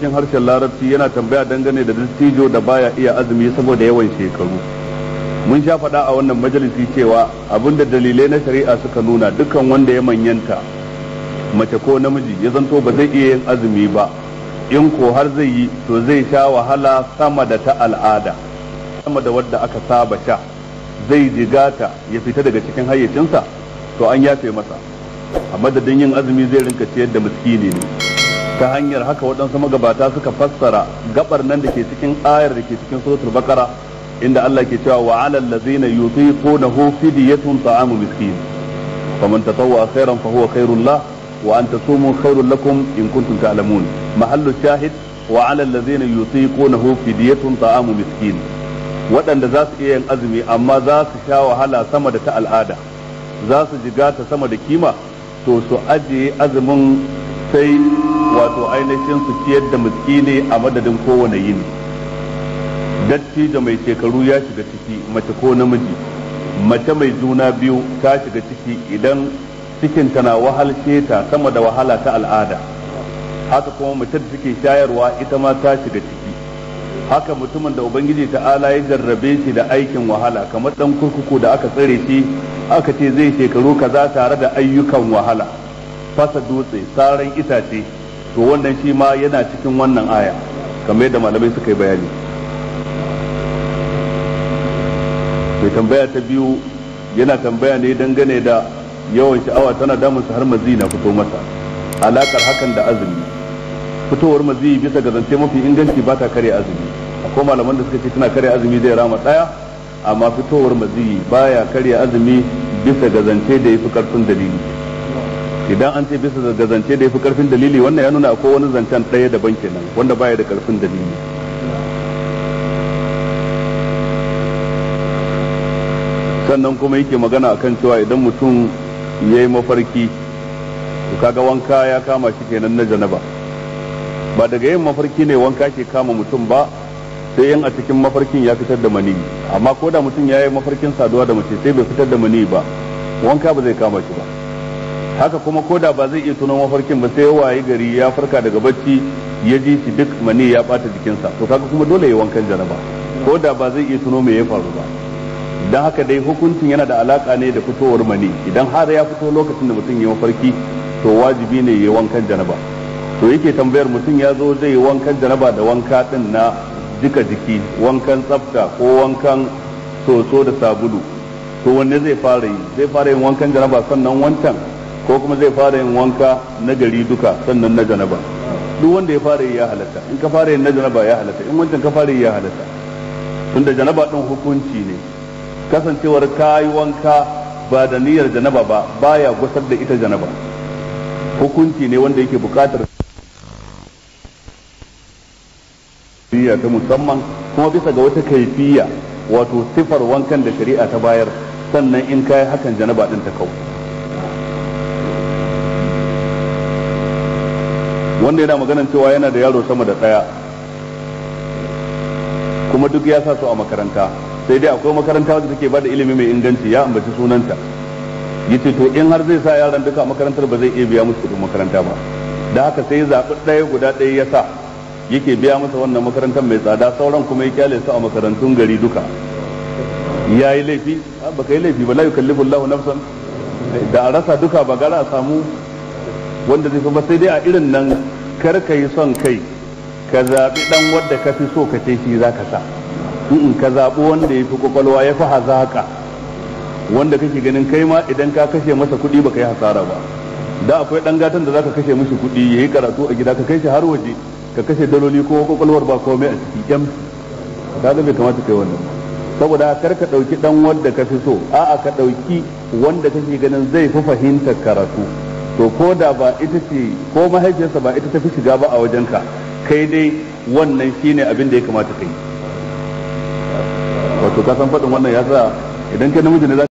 cikin harshen larabci yana tambaya dangane da dattijo da baya iya azumi saboda yawan shekaru mun sha faɗa a wannan majalisi cewa abin da dalilai na shari'a suka nuna dukkan wanda ya manyanta mace ko namiji ya zanto ba zai iya yin azumi ba in ko har zai yi to zai sha wahala sama da ta al'ada sama da wadda aka saba sha zai jigata ya fita daga cikin hayyacinsa to an yafe masa a madadin yin azumi zai rinka ciyar da miskini ne ta hanyar haka waɗansu magabata suka fassara gabar nan da ke cikin ayar da ke cikin suratul baqara inda Allah ke cewa wa alal ladzina yutiqunahu fidyatun ta'amu miskin faman tatawwa khairan fa huwa khairul lah wa an tasumu khairul lakum in kuntum ta'lamun mahallu shahid wa alal ladzina yutiqunahu fidyatun ta'amu miskin waɗanda za su iya yin azumi amma za su sha wahala sama da ta al'ada za su jigata sama da kima to su ajiye azumin sai wato ainihin su ciyar da miskini a madadin kowane yini dattijo mai shekaru ya shiga ciki mace ko namiji mace mai juna biyu ta shiga ciki idan cikin tana wahal ta sama da wahala ta al'ada haka kuma mace da suke shayarwa ita ma ta shiga ciki haka mutumin da ubangiji ta ala ya jarrabe shi da aikin wahala kamar dan kurkuku da aka tsare shi aka ce zai shekaru kaza tare da ayyukan wahala fasa dutse saran itace to wannan shi ma yana cikin wannan aya kamar yadda malamai suka yi bayani mai tambaya ta biyu yana tambaya ne dangane da yawan sha'awa tana damunsa har mazi na fito masa alakar hakan da azumi fitowar mazi bisa ga zance mafi inganci ba ta karya azumi akwai malaman da suka ce tana karya azumi zai rama ɗaya amma fitowar mazi baya karya azumi bisa ga zance da ya fi karfin dalili idan an ce bisa ga zance da ya fi karfin dalili wannan ya nuna akwai wani zancen ɗaya daban kenan wanda baya da karfin dalili sannan kuma yake magana akan cewa idan mutum ya yi mafarki to kaga wanka ya kama shi kenan na janaba ba daga yin mafarki ne wanka ke kama mutum ba sai yin a cikin mafarkin ya fitar da mani amma ko da mutum ya yi mafarkin saduwa da mace sai bai fitar da mani ba wanka ba zai kama shi ba haka kuma koda ba zai iya tunan mafarkin ba sai waye gari ya farka daga bacci ya ji shi duk mani ya bata jikinsa to kaga kuma dole ya wankan janaba ko da ba zai iya tuno me ya faru ba dan haka dai hukuncin yana da alaka ne da fitowar mani idan har ya fito lokacin da mutum ya mafarki to wajibi ne ya wankan janaba to yake tambayar mutum ya zo zai wankan janaba da wanka din na jika jiki wankan tsafta ko wankan soso da sabulu to wanne zai fara yi zai fara yin wankan janaba sannan wancan ko kuma zai fara yin wanka na gari duka sannan na janaba duk wanda ya fara yi ya halatta in ka fara yin na janaba ya halatta in wancan ka fara yi ya halatta tunda janaba din hukunci ne kasancewar ka yi wanka ba da niyyar janaba ba baya gusar da ita janaba hukunci ne wanda yake bukatar niyya ta musamman kuma bisa ga wata kaifiya wato sifar wankan da shari'a ta bayar sannan in kai hakan janaba din ta kawo wanda yana maganan cewa yana da yaro sama da ɗaya kuma duk ya sa su a makaranta sai dai akwai makaranta wadda take da ilimi mai inganci ya ambaci sunanta yace to in har zai sa yaran duka a makarantar ba zai iya biya musu kuɗin makaranta ba da haka sai zaɓi ɗaya guda ɗaya ya sa yake biya masa wannan makarantar mai tsada sauran kuma ya kyale su a makarantun gari duka ya yi laifi ba ka yi laifi ba la yukallifu Allahu nafsan da a rasa duka ba gara a samu wanda zai fi ba sai dai a irin nan kar ka yi son kai ka zaɓi ɗan wadda ka fi so ka ce shi za ka sa in ka zaɓi wanda ya fi kwakwalwa ya fi hazaƙa wanda kake ganin kai ma idan ka kashe masa kuɗi ba ka yi hasara ba da akwai ɗan gatan da za ka kashe mishi kuɗi ya yi karatu a gida ka kai shi har waje ka kashe daloli ko kwakwalwar ba komai a ciki yan ka bai kamata kai wannan saboda kar ka ɗauki ɗan wadda ka fi so a'a ka ɗauki wanda kake ganin zai fi fahimtar karatu to ko da ba ita ce ko mahaifiyarsa ba ita ta fi shiga ba a wajenka kai dai wannan shine abin da ya kamata kai wato ka san faɗin wannan ya sa idan kai namiji ne